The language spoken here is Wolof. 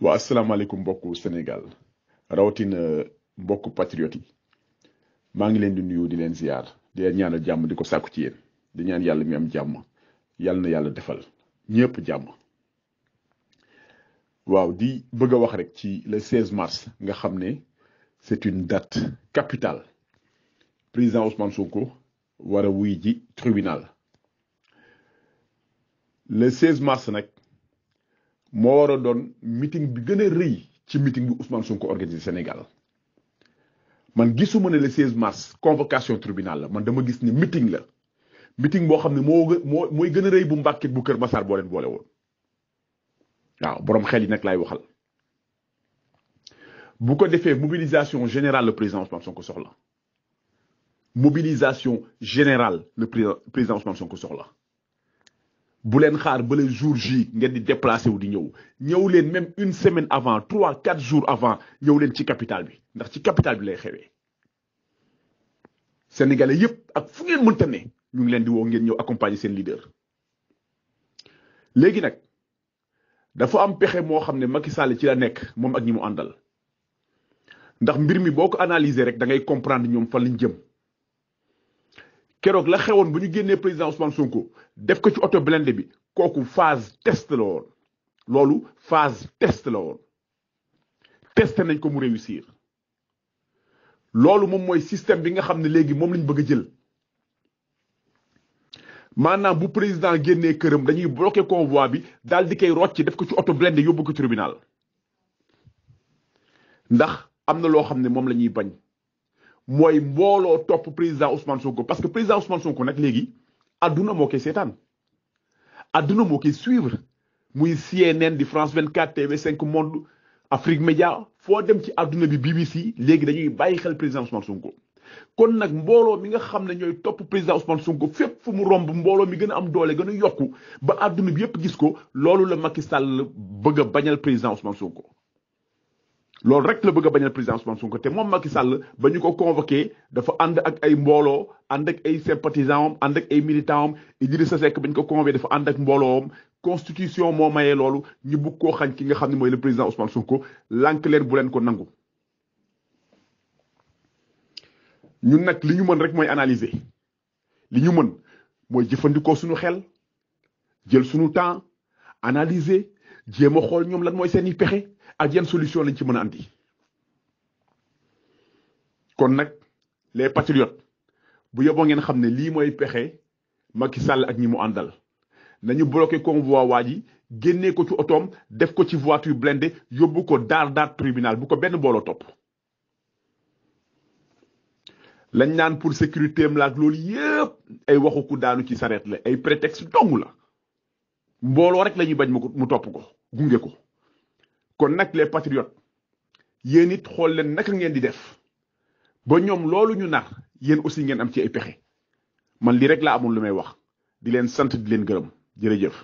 waa asalaamaaleykum mbokk Sénégal rawatina euh, mbokku patriote yi maa ngi leen di nuyu di leen ziar di leen ñaanal jàmm di ko sàkku ci yéen di ñaan yàlla mi am jàmm yàlla na yàlla defal ñëpp jàmm. waaw di bëgg a wax rek ci le 16 mars nga xam ne c'est une date capital président Ousmane Sonko war wuy ji tribinal le 16 mars nag. moo war a doon mitin bi gën a rëy ci meeting bi Ousmane Sonko organisé Sénégal man gisuma ne le 16 mars convocation tribinal la man dama gis ni meeting la meeting boo xam ne moo moo mooy gën a rëy bu Mbàkke bu Kër Massar boo leen boole woon waaw boroom xel yi nag laay waxal bu ko defee mobilisation général le président Ousmane Sonko soxla mobilisation général le président Ousmane Sonko soxla. bu leen xaar bale le jour J ngeen di déplacé wu di ñëw ñëw leen même une semaine avant trois quatre jours avant ñëw leen ci capital bi ndax ci capital bi lay xewee sénégalais yépp ak fu ngeen mënta ne ñu ngi leen di wo ngeen ñëw accompagner seen leader. léegi nag dafa am pexe moo xam ne Macky Sall ci la nekk moom ak ñi mu àndal ndax mbir mi boo ko analyser rek da ngay comprendre ñoom fan lañ jëm. keroog la xewoon bu ñu génnee président Ousmane Sonko def ko ci oto blindé bi kooku phase test la woon loolu phase test la woon testé nañ ko mu réussir loolu moom mooy système bi nga xam ne léegi moom lañu bëgg a jël maanaam bu président génnee këram dañuy bloqué convoi bi daal di koy rocc def ko ci oto blindé yóbbu ko tribunal ndax am na loo xam ne moom la ñuy bañ. mooy mbooloo topp président Ousmane ko parce que président Ousmane Sonko nag léegi adduna moo koy seetaan adduna moo koy suivre muy CNN di France 24 TV5 Monde Afrique Média foo dem ci adduna bi BBC léegi dañuy bàyyi xel président Ousmane Sonko. kon nag mbooloo mi nga xam ne ñooy topp président Ousmane Sonko fépp fu mu romb mbooloo mi gën a am doole gën a yokku ba adduna bi yëpp gis ko loolu la Macky Sall bëgg a bañal président Ousmane Sonko. loolu rek la bëgg a bañal président Ousmane Sonko te moom Macky Sall ba ñu ko convoqué dafa ànd ak ay mbooloo ànd ak ay sympathisants am ànd ak ay militants am Idrissa Seck ba ko convoqué dafa ànd ak mbooloo constitution moo mayee loolu ñu bugg koo xañ ki nga xam ne mooy le président Ousmane Sonko lànk leen bu leen ko nangu. ñun nag li ñu mën rek mooy analyser li ñu mën mooy jëfandikoo suñu xel jël suñu temps analyser. jéem a xool ñoom lan mooy seen i pexe ak yan solution lañ ci mën a andi kon nag les patriotes bu yeboo ngeen xam ne lii mooy pexe Macky Sall ak ñi mu àndal nañu bloqué convoi waa ji génnee ko ci otoom def ko ci voiture blindée yóbbu ko daar daar tribunal bu ko benn booloo topp. lañ naan pour sécurité am la ak loolu yëpp ay waxu ku daanu ci sareet la ay prétexte dong la mbooloo rek lañuy ñuy bañ mu topp ko. gunge ko kon nag les patriotes yéen it xool leen naka ngeen di def ba ñoom loolu ñu nar yéen aussi ngeen am ci ay pexe man lii rek laa amul lu may wax di leen sant di leen gërëm jërëjëf.